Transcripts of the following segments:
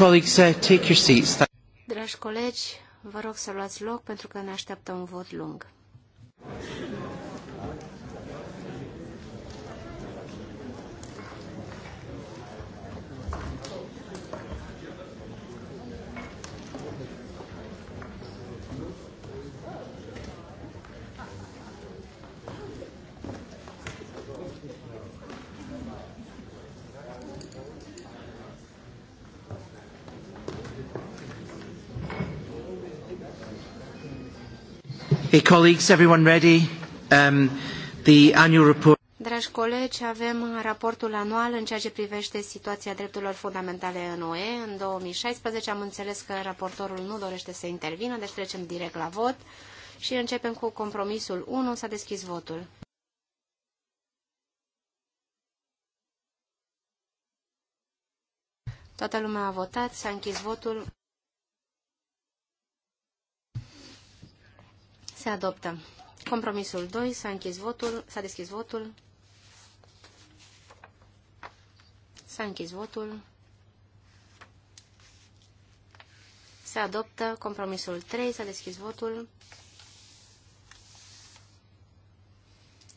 Uh, Dragi colegi, vă rog să luați loc pentru că ne așteaptă un vot lung. Hey colleagues, everyone ready? Um, the annual report... Dragi colegi, avem uh, raportul anual în ceea ce privește situația drepturilor fundamentale în UE. În 2016 am înțeles că raportorul nu dorește să intervină, deci trecem direct la vot și începem cu compromisul 1. S-a deschis votul. Toată lumea a votat, s-a închis votul. Se adoptă. Compromisul 2. S-a închis votul. S-a deschis votul. S-a închis votul. Se adoptă compromisul 3. S-a deschis votul.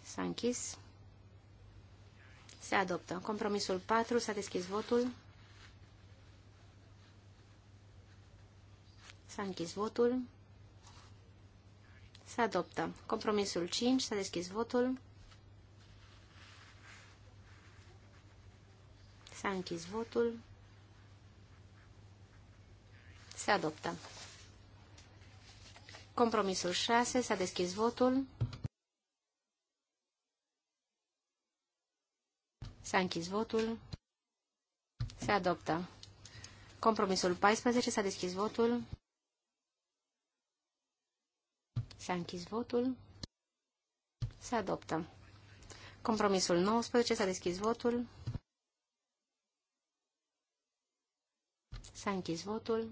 S-a închis. Se adoptă. Compromisul 4. S-a deschis votul. S-a închis votul. Se adoptă. Compromisul 5. S-a deschis votul. S-a închis votul. Se adoptă. Compromisul 6. S-a deschis votul. S-a închis votul. Se adoptă. Compromisul 14. S-a deschis votul. S-a închis votul. Se adoptă. Compromisul 19. S-a deschis votul. S-a închis votul.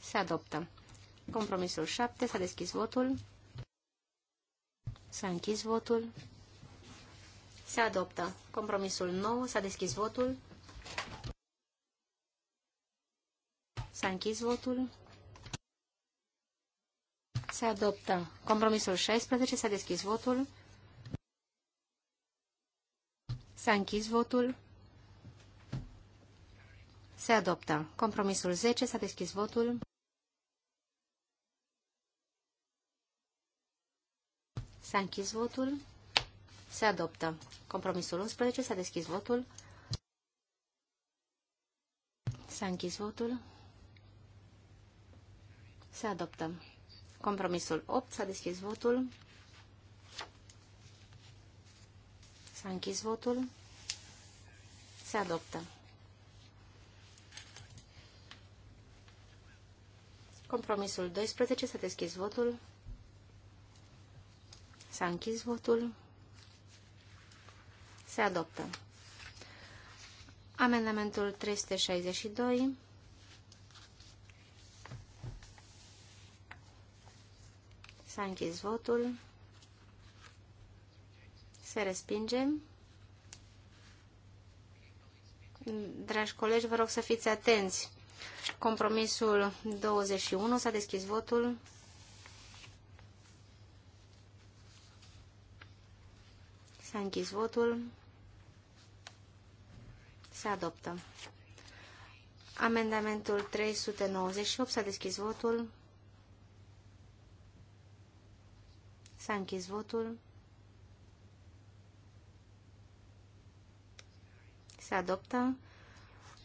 Se adoptă. Compromisul 7. S-a deschis votul. S-a închis votul. Se adoptă. Compromisul 9. S-a deschis votul. S-a închis votul se adoptă. Compromisul 16 s-a deschis votul. S-a închis votul. Se adoptă. Compromisul 10 s-a deschis votul. S-a închis votul. Se adoptă. Compromisul 11 s-a deschis votul. S-a închis votul. Se adoptă. Compromisul 8. S-a deschis votul. S-a închis votul. Se adoptă. Compromisul 12. S-a deschis votul. S-a închis votul. Se adoptă. Amendamentul 362. S-a închis votul. Se respinge. Dragi colegi, vă rog să fiți atenți. Compromisul 21 s-a deschis votul. S-a închis votul. Se adoptă. Amendamentul 398 s-a deschis votul. S-a închis votul. Se adoptă.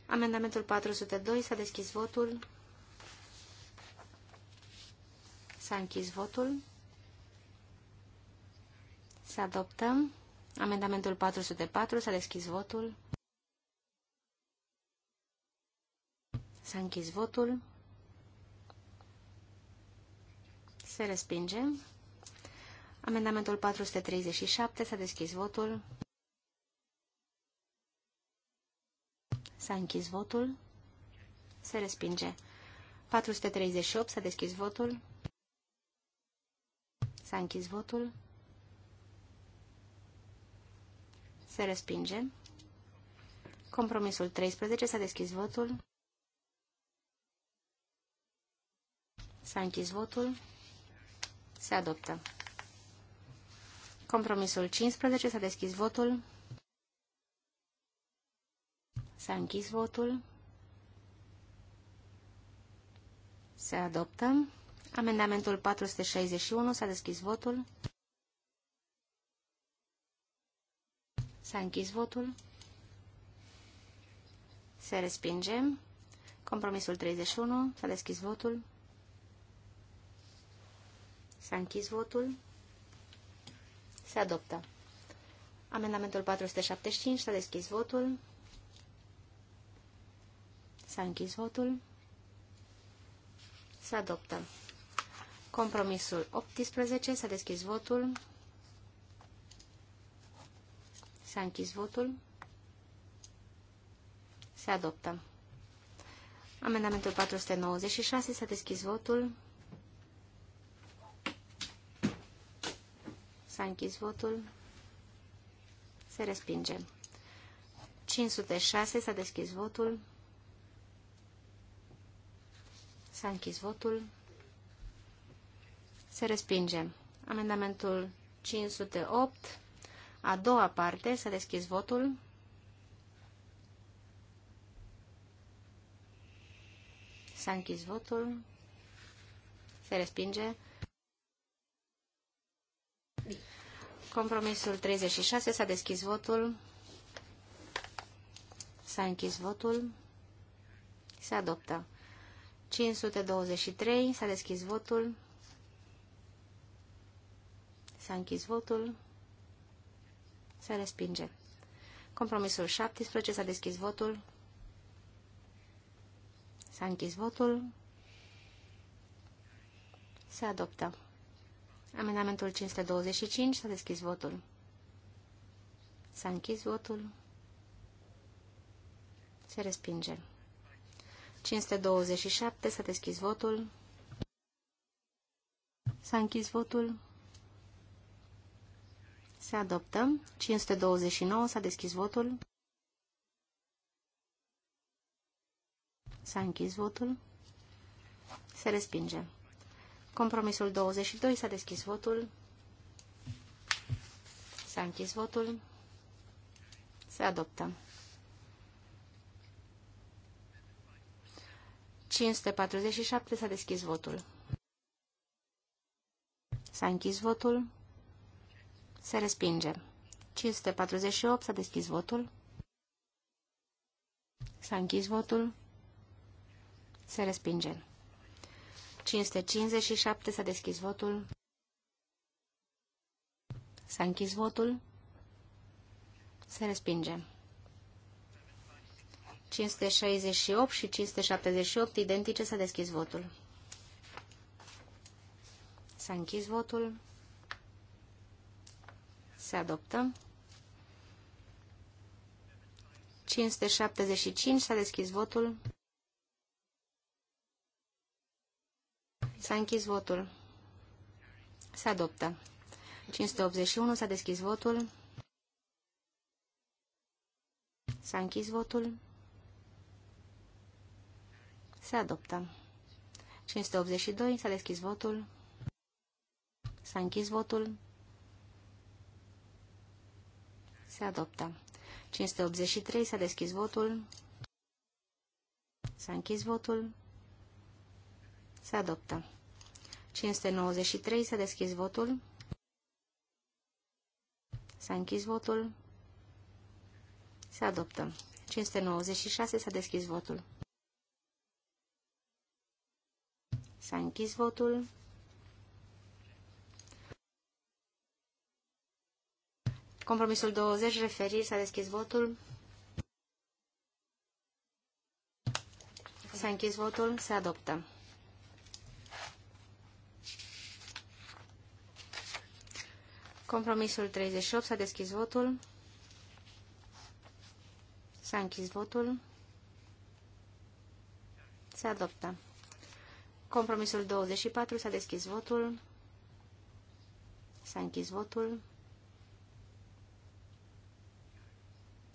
Amendamentul 402. S-a deschis votul. S-a închis votul. Se adoptă. Amendamentul 404. S-a deschis votul. S-a închis votul. Se respinge. Amendamentul 437. S-a deschis votul. S-a închis votul. Se respinge. 438. S-a deschis votul. S-a închis votul. Se respinge. Compromisul 13. S-a deschis votul. S-a închis votul. Se adoptă. Compromisul 15. S-a deschis votul. S-a închis votul. Se adoptă. Amendamentul 461. S-a deschis votul. S-a închis votul. Se respinge. Compromisul 31. S-a deschis votul. S-a închis votul. Se adoptă. Amendamentul 475. S-a deschis votul. S-a închis votul. Se adoptă. Compromisul 18. S-a deschis votul. S-a închis votul. Se adoptă. Amendamentul 496. S-a deschis votul. S-a închis votul. Se respinge. 506. S-a deschis votul. S-a închis votul. Se respinge. Amendamentul 508. A doua parte. S-a deschis votul. S-a închis votul. Se respinge. Compromisul 36 s-a deschis votul. S-a închis votul. Se adoptă. 523 s-a deschis votul. S-a închis votul. Se respinge. Compromisul 17 s-a deschis votul. S-a închis votul. Se adoptă. Amendamentul 525 s-a deschis votul. S-a închis votul. Se respinge. 527 s-a deschis votul. S-a închis votul. Se adoptă. 529 s-a deschis votul. S-a închis votul. Se respinge. Compromisul 22 s-a deschis votul. S-a închis votul. Se adoptă. 547 s-a deschis votul. S-a închis votul. Se respinge. 548 s-a deschis votul. S-a închis votul. Se respinge. 557 s-a deschis votul. S-a închis votul. Se respinge. 568 și 578 identice s-a deschis votul. S-a închis votul. Se adoptă. 575 s-a deschis votul. S-a închis votul. Se adoptă. 581 s-a deschis votul. S-a închis votul. Se adoptă. 582 s-a deschis votul. S-a închis votul. Se adoptă. 583 s-a deschis votul. S-a închis votul. Se adoptă. 593. S-a deschis votul. S-a închis votul. Se adoptă. 596. S-a deschis votul. S-a închis votul. Compromisul 20, referiri, s-a deschis votul. S-a închis votul, se adoptă. Compromisul 38. S-a deschis votul. S-a închis votul. Se adoptă. Compromisul 24. S-a deschis votul. S-a închis votul.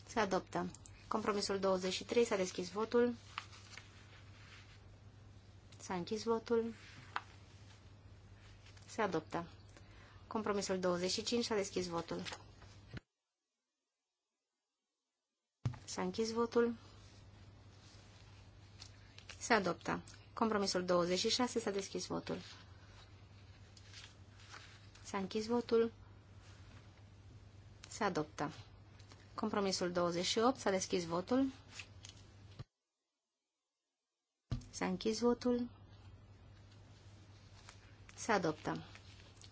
Se adoptă. Compromisul 23. S-a deschis votul. S-a închis votul. Se adoptă. Compromisul 25 s-a deschis votul. S-a închis votul. Se adoptă. Compromisul 26 s-a deschis votul. S-a închis votul. Se adoptă. Compromisul 28 s-a deschis votul. S-a închis votul. Se adoptă.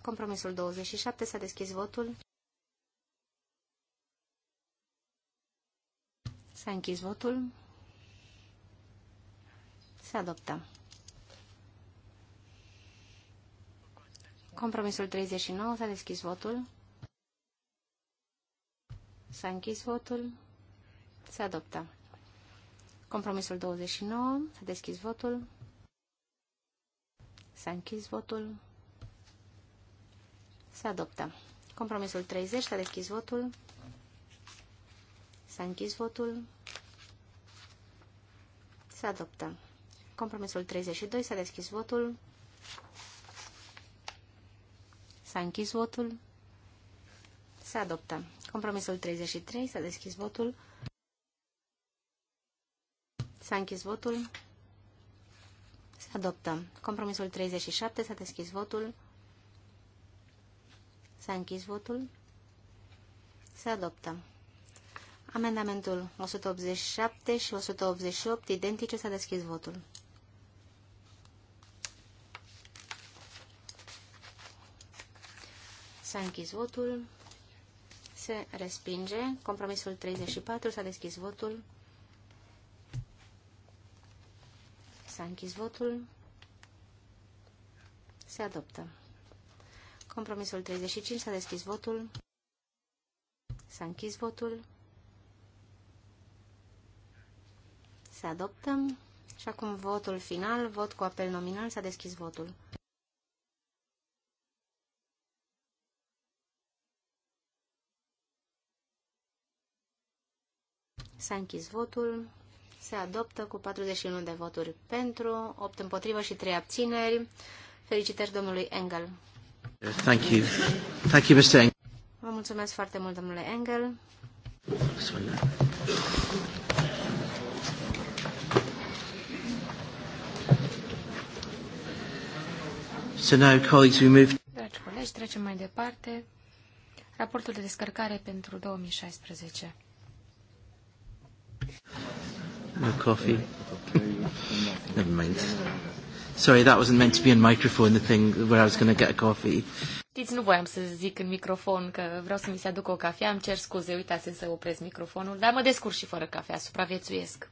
Compromisul 27. S-a deschis votul. S-a închis votul. Se adoptă. Compromisul 39. S-a deschis votul. S-a închis votul. Se adoptă. Compromisul 29. S-a deschis votul. S-a închis votul. Se adoptă. Compromisul 30. S-a deschis votul. S-a închis votul. Se adoptă. Compromisul 32. S-a deschis votul. S-a închis votul. Se adoptă. Compromisul 33. S-a deschis votul. S-a închis votul. Se adoptă. Compromisul 37. S-a deschis votul. S-a închis votul. Se adoptă. Amendamentul 187 și 188 identice s-a deschis votul. S-a închis votul. Se respinge. Compromisul 34 s-a deschis votul. S-a închis votul. Se adoptă. Compromisul 35 s-a deschis votul. S-a închis votul. Se adoptă. Și acum votul final, vot cu apel nominal, s-a deschis votul. S-a închis votul. Se adoptă cu 41 de voturi pentru, 8 împotrivă și 3 abțineri. Felicitări domnului Engel. Thank you. Thank you, Mr. Engel. Vă mulțumesc foarte mult, domnule Engel. So now, colleagues, we move... Dragi colegi, trecem mai departe. Raportul de descărcare pentru 2016. No coffee. Never mind. Sorry, that wasn't meant to be in microphone, the thing where I was going to get a coffee. Știți, nu voiam să zic în microfon că vreau să mi se aducă o cafea, îmi cer scuze, uitați să opresc microfonul, dar mă descurc și fără cafea, supraviețuiesc.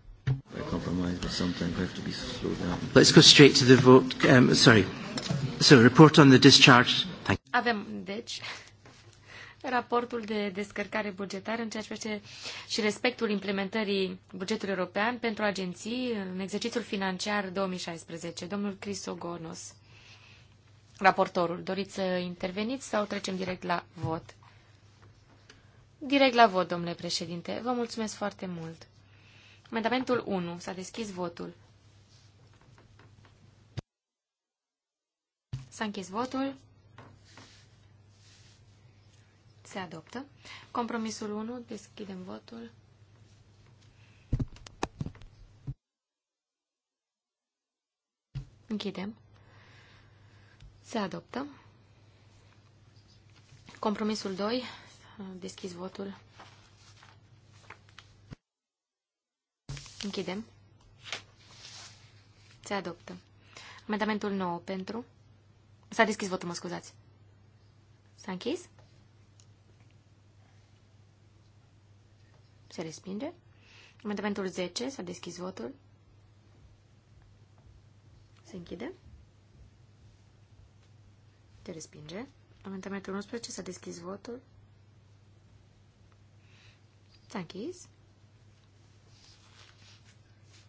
Let's go straight to the vote. Um, sorry. So, report on the discharge. Thank you. Avem, deci, raportul de descărcare bugetară în ceea ce privește și respectul implementării bugetului european pentru agenții în exercițiul financiar 2016. Domnul Crisogonos, raportorul, doriți să interveniți sau trecem direct la vot? Direct la vot, domnule președinte. Vă mulțumesc foarte mult. Amendamentul 1. S-a deschis votul. S-a închis votul. Se adoptă. Compromisul 1. Deschidem votul. Închidem. Se adoptă. Compromisul 2. Deschis votul. Închidem. Se adoptă. Amendamentul 9 pentru... S-a deschis votul, mă scuzați. S-a închis? Se respinge. Amendamentul 10. S-a deschis votul. Se închide. Se respinge. Amendamentul 11. S-a deschis votul. S-a închis.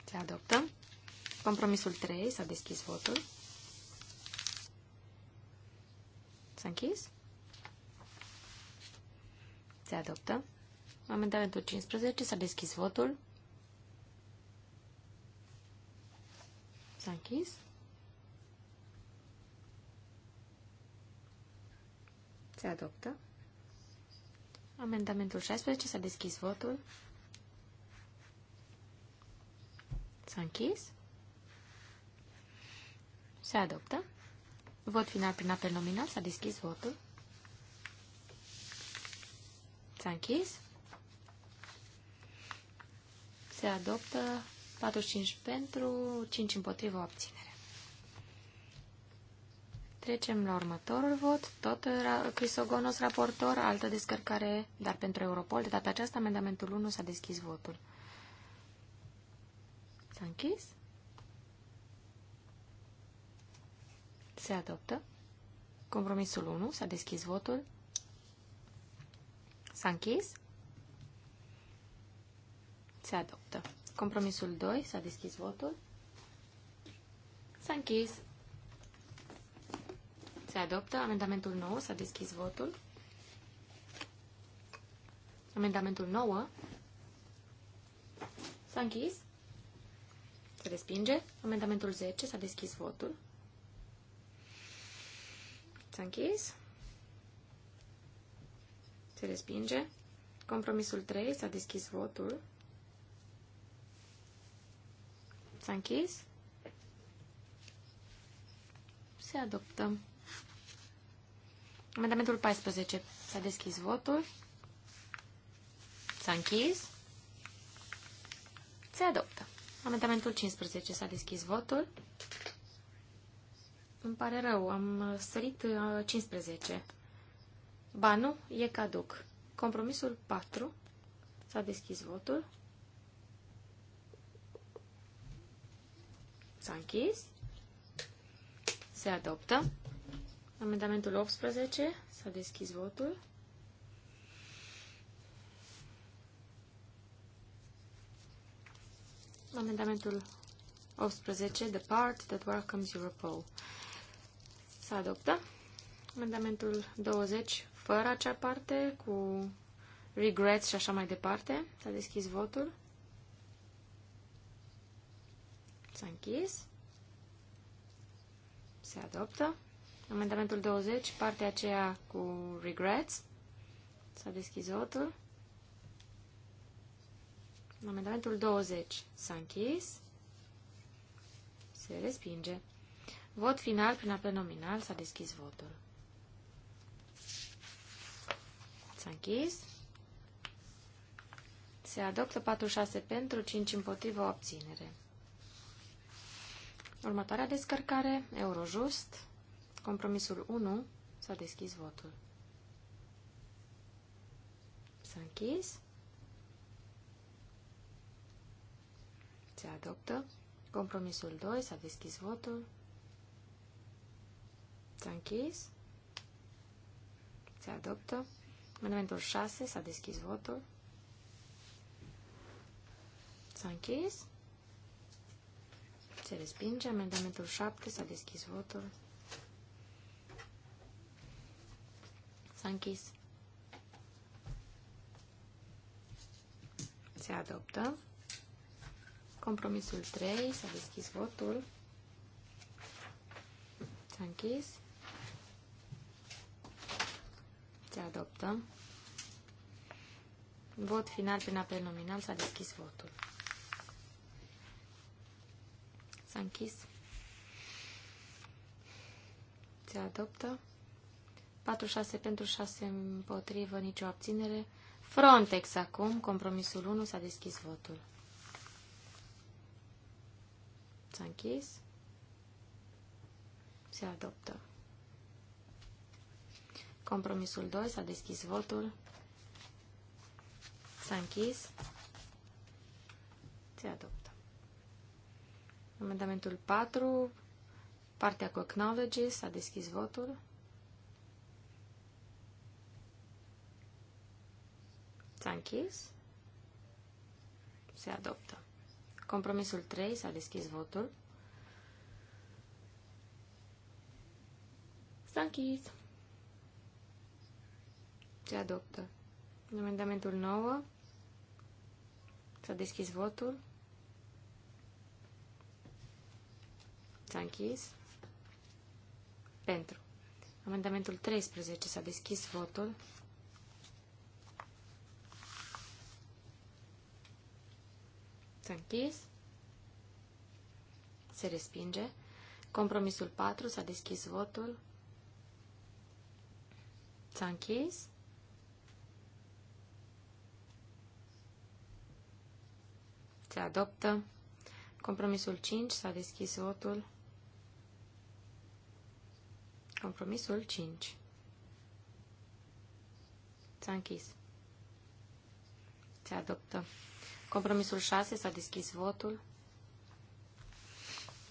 Se adoptă. Compromisul 3. S-a deschis votul. S-a închis. Se adoptă. Amendamentul 15. S-a deschis votul. S-a închis. Se adoptă. Amendamentul 16. S-a deschis votul. S-a închis. Se adoptă. Vot final prin apel nominal. S-a deschis votul. S-a închis. Se adoptă 45 pentru, 5 împotrivă, obținere. Trecem la următorul vot. Tot Crisogonos, raportor, altă descărcare, dar pentru Europol. De data aceasta, amendamentul 1 s-a deschis votul. S-a închis. Se adoptă. Compromisul 1 s-a deschis votul. S-a închis se adoptă. Compromisul 2, s-a deschis votul. S-a închis. Se adoptă. Amendamentul 9, s-a deschis votul. Amendamentul 9, s-a închis. Se respinge. Amendamentul 10, s-a deschis votul. S-a închis. Se respinge. Compromisul 3, s-a deschis votul. S-a închis. Se adoptă. Amendamentul 14. S-a deschis votul. S-a închis. Se adoptă. Amendamentul 15. S-a deschis votul. Îmi pare rău, am sărit 15. Uh, ba nu, e caduc. Compromisul 4. S-a deschis votul. S-a închis. Se adoptă. Amendamentul 18. S-a deschis votul. Amendamentul 18. The part that welcomes Europol. Se adoptă. Amendamentul 20. Fără acea parte, cu regrets și așa mai departe. S-a deschis votul. S-a închis. Se adoptă. Amendamentul 20, partea aceea cu regrets. S-a deschis votul. Amendamentul 20 s-a închis. Se respinge. Vot final prin apel nominal. S-a deschis votul. S-a închis. Se adoptă 46 pentru, 5 împotrivă, o abținere. Următoarea descărcare, Eurojust, compromisul 1, s-a deschis votul. S-a închis. Se adoptă. Compromisul 2, s-a deschis votul. S-a închis. Se adoptă. Amendamentul 6, s-a deschis votul. S-a închis se respinge. Amendamentul 7 s-a deschis votul. S-a închis. Se adoptă. Compromisul 3 s-a deschis votul. S-a închis. Se adoptă. Vot final prin apel nominal s-a deschis votul. S-a închis. Se adoptă. 46 pentru 6 împotrivă, nicio abținere. Frontex acum, compromisul 1, s-a deschis votul. S-a închis. Se adoptă. Compromisul 2, s-a deschis votul. S-a închis. Se adoptă. Amendamentul 4, partea cu acknowledge, s-a deschis votul. S-a închis. Se adoptă. Compromisul 3, s-a deschis votul. S-a închis. Se adoptă. Amendamentul 9. S-a deschis votul. S-a închis. Pentru. Amendamentul 13. S-a deschis votul. S-a închis. Se respinge. Compromisul 4. S-a deschis votul. S-a închis. Se adoptă. Compromisul 5. S-a deschis votul. Compromisul 5. S-a închis. Se adoptă. Compromisul 6. S-a deschis votul.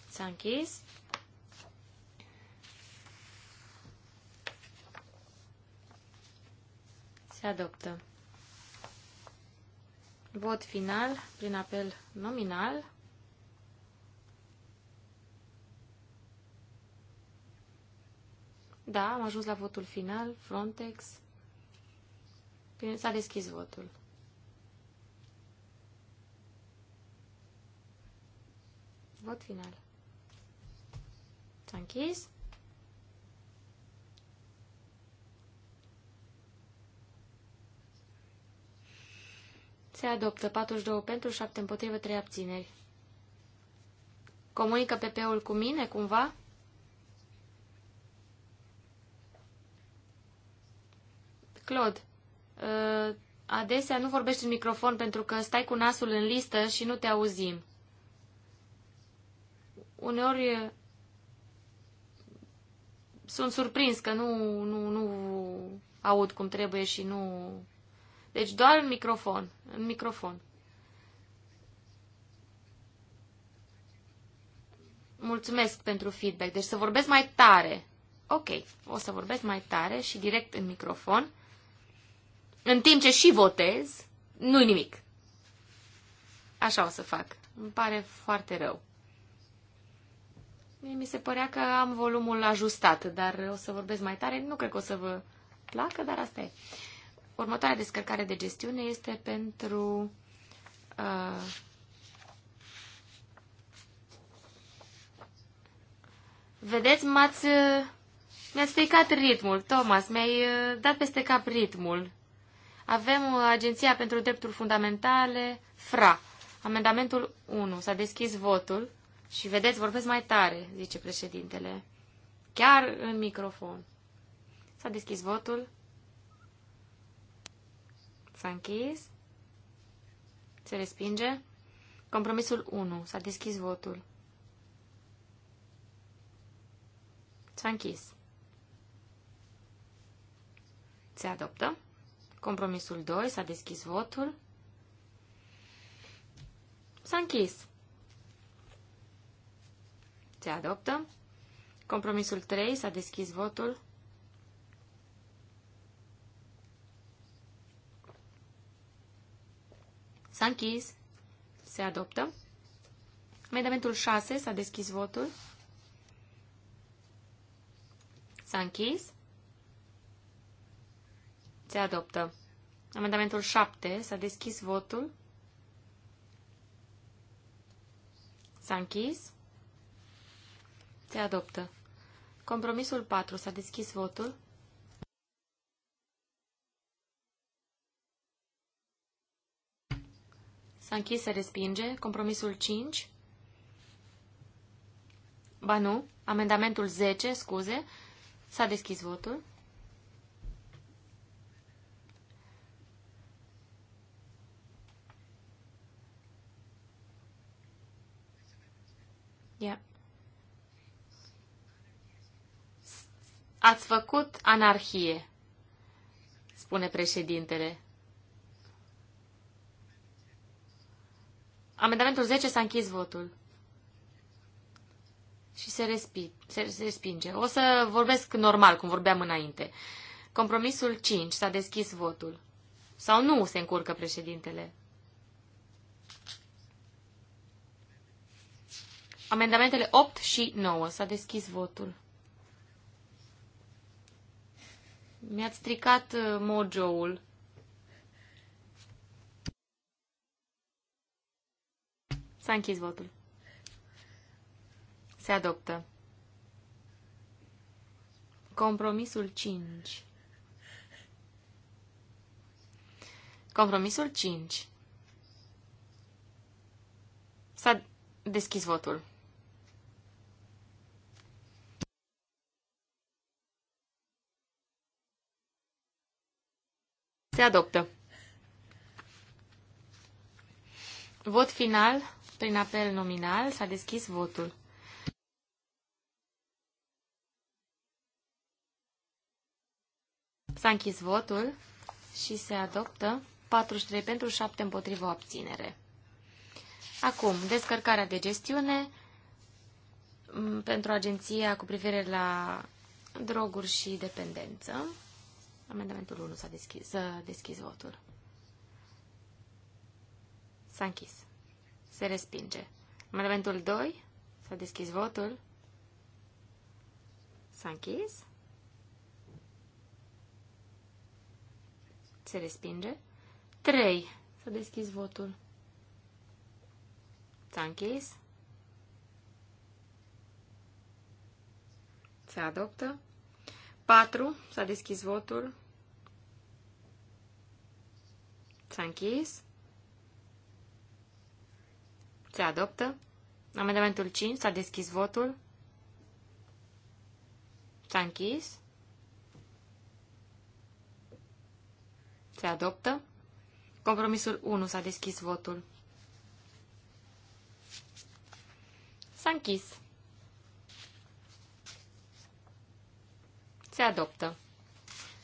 S-a închis. Se adoptă. Vot final prin apel nominal. Da, am ajuns la votul final. Frontex. Bine, s-a deschis votul. Vot final. S-a închis. Se adoptă 42 pentru, 7 împotrivă, 3 abțineri. Comunică PP-ul cu mine, cumva? Claude, uh, adesea nu vorbești în microfon pentru că stai cu nasul în listă și nu te auzim. Uneori uh, sunt surprins că nu, nu, nu aud cum trebuie și nu... Deci doar în microfon, în microfon. Mulțumesc pentru feedback. Deci să vorbesc mai tare. Ok, o să vorbesc mai tare și direct în microfon în timp ce și votez, nu-i nimic. Așa o să fac. Îmi pare foarte rău. Mi se părea că am volumul ajustat, dar o să vorbesc mai tare. Nu cred că o să vă placă, dar asta e. Următoarea descărcare de gestiune este pentru uh, Vedeți, m-ați... Mi-a stricat ritmul, Thomas, mi-ai uh, dat peste cap ritmul. Avem uh, Agenția pentru Drepturi Fundamentale, FRA. Amendamentul 1. S-a deschis votul și vedeți, vorbesc mai tare, zice președintele. Chiar în microfon. S-a deschis votul. S-a închis. Se respinge. Compromisul 1. S-a deschis votul. S-a închis. Se adoptă. Compromisul 2. S-a deschis votul. S-a închis. Se adoptă. Compromisul 3. S-a deschis votul. S-a închis. Se adoptă. Amendamentul 6. S-a deschis votul. S-a închis. Se adoptă. Amendamentul 7. S-a deschis votul. S-a închis. Se adoptă. Compromisul 4. S-a deschis votul. S-a închis, se respinge. Compromisul 5. Ba nu. Amendamentul 10, scuze. S-a deschis votul. Ați făcut anarhie, spune președintele. Amendamentul 10 s-a închis votul. Și se, respi, se, se respinge. O să vorbesc normal, cum vorbeam înainte. Compromisul 5 s-a deschis votul. Sau nu se încurcă președintele. Amendamentele 8 și 9 s-a deschis votul. Mi-ați stricat uh, mojo-ul. S-a închis votul. Se adoptă. Compromisul 5. Compromisul 5. S-a deschis votul. Se adoptă. Vot final, prin apel nominal, s-a deschis votul. S-a închis votul și se adoptă 43 pentru 7 împotriva abținere. Acum, descărcarea de gestiune pentru agenția cu privire la droguri și dependență. Amendamentul 1 s-a deschis, să deschis votul. S-a închis. Se respinge. Amendamentul 2 s-a deschis votul. S-a închis. Se respinge. 3 s-a deschis votul. S-a închis. Se adoptă. 4. S-a deschis votul. S-a închis. Se adoptă. Amendamentul 5. S-a deschis votul. S-a închis. Se adoptă. Compromisul 1. S-a deschis votul. S-a închis. Se adoptă.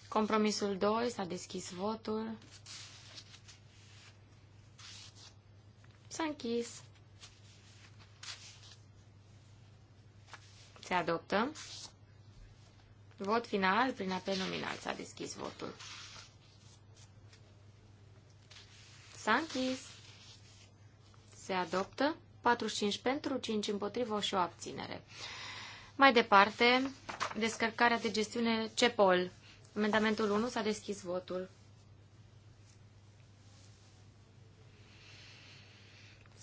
Compromisul 2. S-a deschis votul. S-a închis. Se adoptă. Vot final prin apel nominal. S-a deschis votul. S-a închis. Se adoptă. 45 pentru, 5 împotrivă și o abținere. Mai departe, descărcarea de gestiune CEPOL. Amendamentul 1 s-a deschis votul.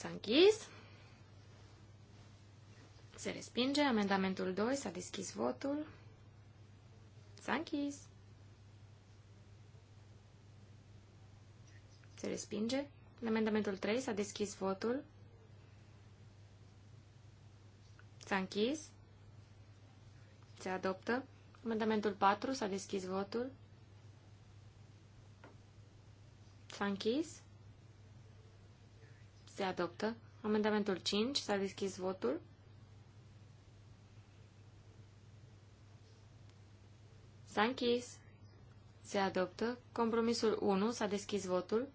S-a închis. Se respinge. Amendamentul 2. S-a deschis votul. S-a închis. Se respinge. Amendamentul 3. S-a deschis votul. S-a închis. Se adoptă. Amendamentul 4. S-a deschis votul. S-a închis. Se adoptă. Amendamentul 5. S-a deschis votul. S-a închis. Se adoptă. Compromisul 1. S-a deschis votul.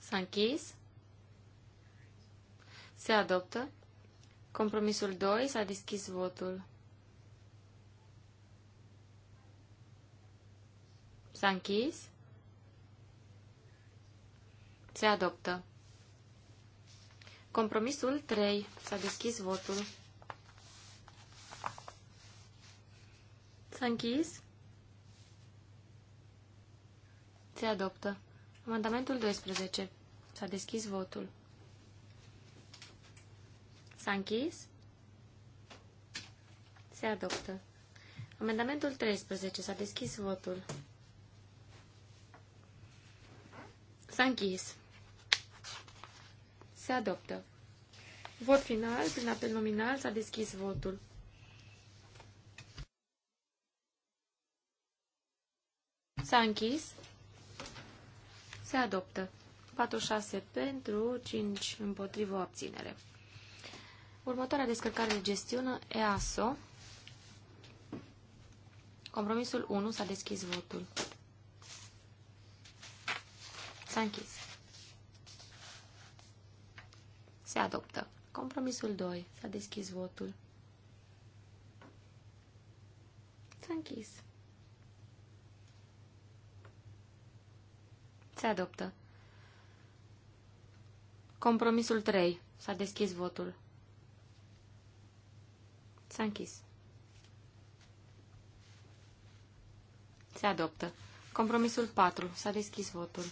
S-a închis. Se adoptă. Compromisul 2. S-a deschis votul. S-a închis. Se adoptă. Compromisul 3. S-a deschis votul. S-a închis. Se adoptă. Amendamentul 12. S-a deschis votul. S-a închis. Se adoptă. Amendamentul 13. S-a deschis votul. S-a închis. Se adoptă. Vot final, prin apel nominal, s-a deschis votul. S-a închis. Se adoptă. 46 pentru, 5 împotrivă abținere. Următoarea descărcare de gestiune, EASO. Compromisul 1 s-a deschis votul. S-a închis. Se adoptă. Compromisul 2. S-a deschis votul. S-a închis. Se adoptă. Compromisul 3. S-a deschis votul. S-a închis. Se adoptă. Compromisul 4. S-a deschis votul.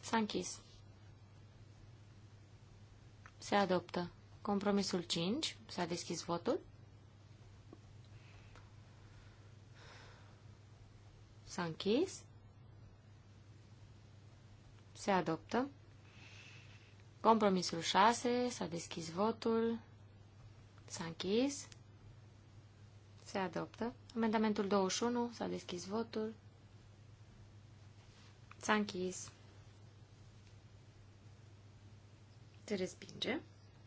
S-a închis. Se adoptă. Compromisul 5. S-a deschis votul. S-a închis. Se adoptă. Compromisul 6. S-a deschis votul. S-a închis. Se adoptă. Amendamentul 21. S-a deschis votul. S-a închis. Se respinge.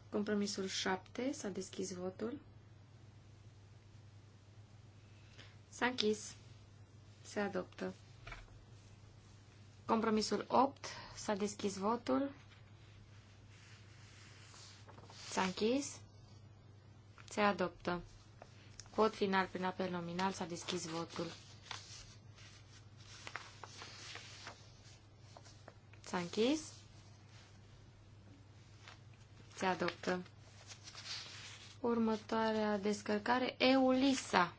Compromisul 7. S-a deschis votul. S-a închis. Se adoptă. Compromisul 8. S-a deschis votul. S-a închis. Se adoptă. Vot final prin apel nominal. S-a deschis votul. S-a închis. Se adoptă. Următoarea descărcare, EULISA.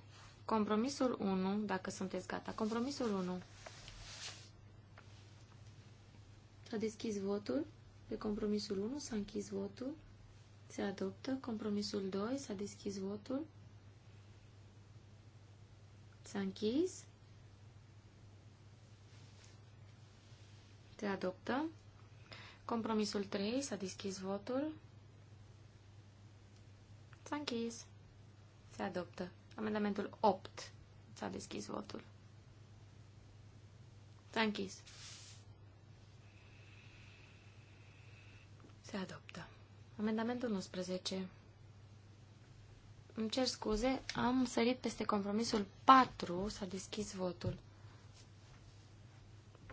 Compromisul 1, dacă sunteți gata. Compromisul 1. S-a deschis votul. Pe compromisul 1 s-a închis votul. Se adoptă. Compromisul 2 s-a deschis votul. S-a închis. Se adoptă. Compromisul 3 s-a deschis votul. S-a închis. Se adoptă. Amendamentul 8. S-a deschis votul. S-a închis. Se adoptă. Amendamentul 11. Îmi cer scuze, am sărit peste compromisul 4, s-a deschis votul.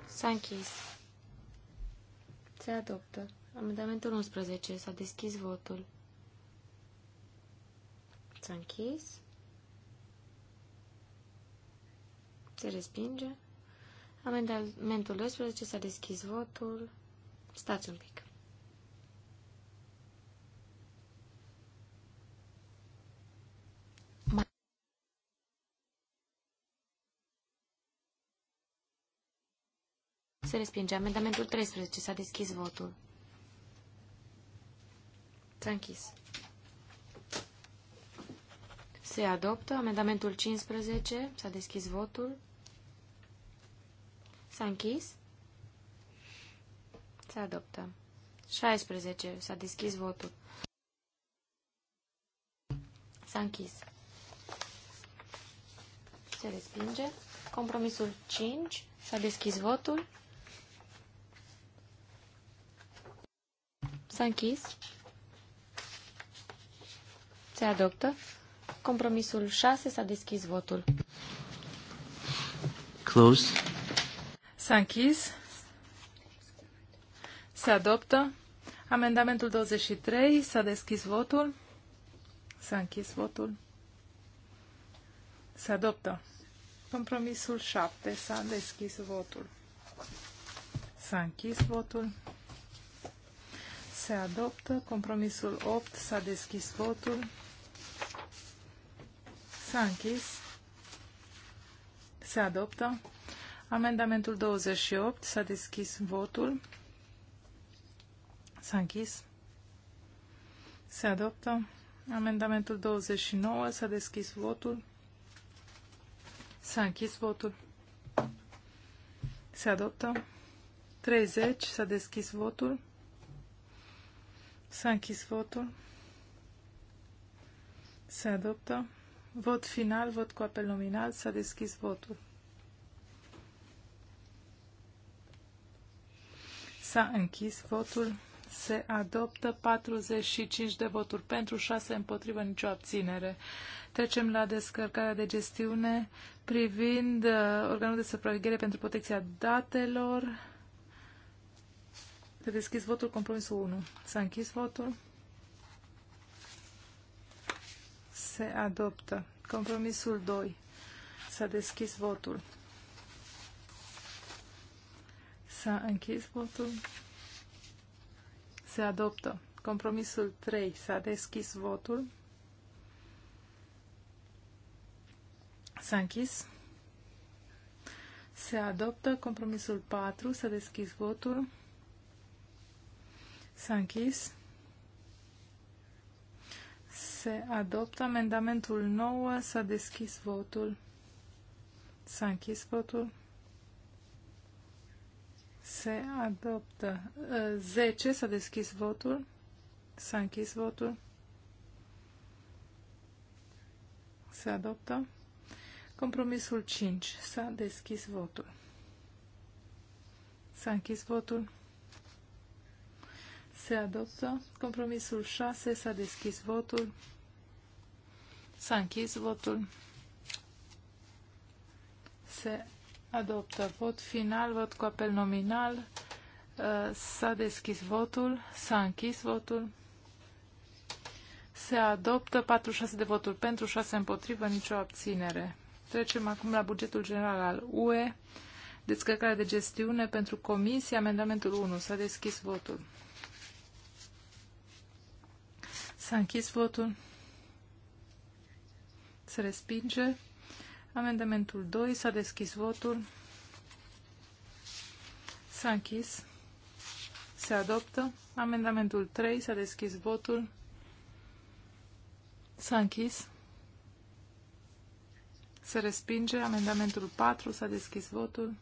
S-a închis. Se adoptă. Amendamentul 11, s-a deschis votul. S-a închis. Se respinge. Amendamentul 12 s-a deschis votul. Stați un pic. Se respinge. Amendamentul 13. S-a deschis votul. S-a închis. Se adoptă. Amendamentul 15. S-a deschis votul. S-a închis. Se adoptă. 16. S-a deschis votul. S-a închis. Se respinge. Compromisul 5. S-a deschis votul. S-a închis. Se adoptă. Compromisul 6 s-a deschis votul. Close. S-a închis. Se adoptă. Amendamentul 23. S-a deschis votul. S-a închis votul. Se adoptă. Compromisul 7. S-a deschis votul. S-a închis votul. Se adoptă. Compromisul 8. S-a deschis votul. S-a închis. Se adoptă. Amendamentul 28. S-a deschis votul. S-a închis. Se adoptă. Amendamentul 29. S-a deschis votul. S-a închis votul. Se adoptă. 30. S-a deschis votul. S-a închis votul. Se adoptă. Vot final, vot cu apel nominal, s-a deschis votul. S-a închis votul. Se adoptă 45 de voturi pentru, 6 împotrivă, nicio abținere. Trecem la descărcarea de gestiune privind uh, organul de supraveghere pentru protecția datelor. S-a deschis votul compromisul 1. S-a închis votul. se adoptă. Compromisul 2. S-a deschis votul. S-a închis votul. Se adoptă. Compromisul 3. S-a deschis votul. S-a închis. Se adoptă. Compromisul 4. S-a deschis votul. S-a închis se adoptă. Amendamentul 9 s-a deschis votul. S-a închis votul. Se adoptă. 10 uh, s-a deschis votul. S-a închis votul. Se adoptă. Compromisul 5 s-a deschis votul. S-a închis votul. Se adoptă. Compromisul 6. S-a deschis votul. S-a închis votul. Se adoptă vot final, vot cu apel nominal. Uh, s-a deschis votul, s-a închis votul. Se adoptă 46 de voturi pentru, 6 împotrivă, nicio abținere. Trecem acum la bugetul general al UE. Descărcarea de gestiune pentru comisie, amendamentul 1. S-a deschis votul. S-a închis votul se respinge. Amendamentul 2, s-a deschis votul, s-a închis, se adoptă. Amendamentul 3, s-a deschis votul, s-a închis, se respinge. Amendamentul 4, s-a deschis votul,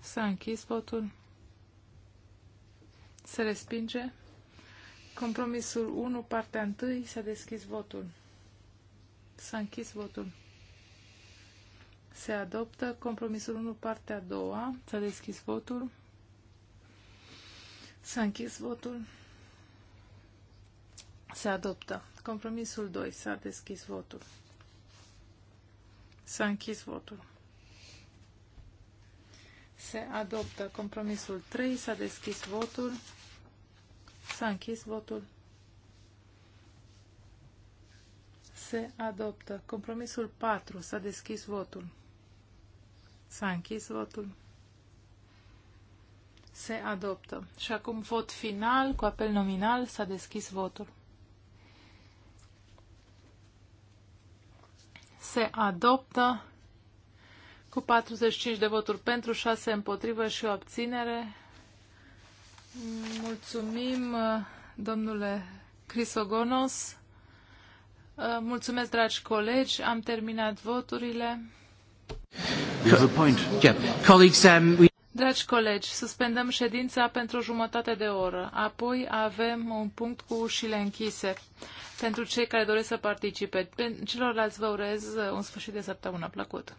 s-a închis votul, se respinge. Compromisul 1, partea 1, s-a deschis votul. S-a închis votul. Se adoptă compromisul 1, partea a doua. S-a deschis votul. S-a închis votul. Se adoptă. Compromisul 2. S-a deschis votul. S-a închis votul. Se adoptă. Compromisul 3. S-a deschis votul. S-a închis votul. se adoptă. Compromisul 4. S-a deschis votul. S-a închis votul. Se adoptă. Și acum vot final, cu apel nominal, s-a deschis votul. Se adoptă cu 45 de voturi pentru, 6 împotrivă și o abținere. Mulțumim, domnule Crisogonos. Uh, mulțumesc, dragi colegi. Am terminat voturile. Um, dragi colegi, suspendăm ședința pentru o jumătate de oră. Apoi avem un punct cu ușile închise pentru cei care doresc să participe. Celorlalți vă urez un sfârșit de săptămână plăcut.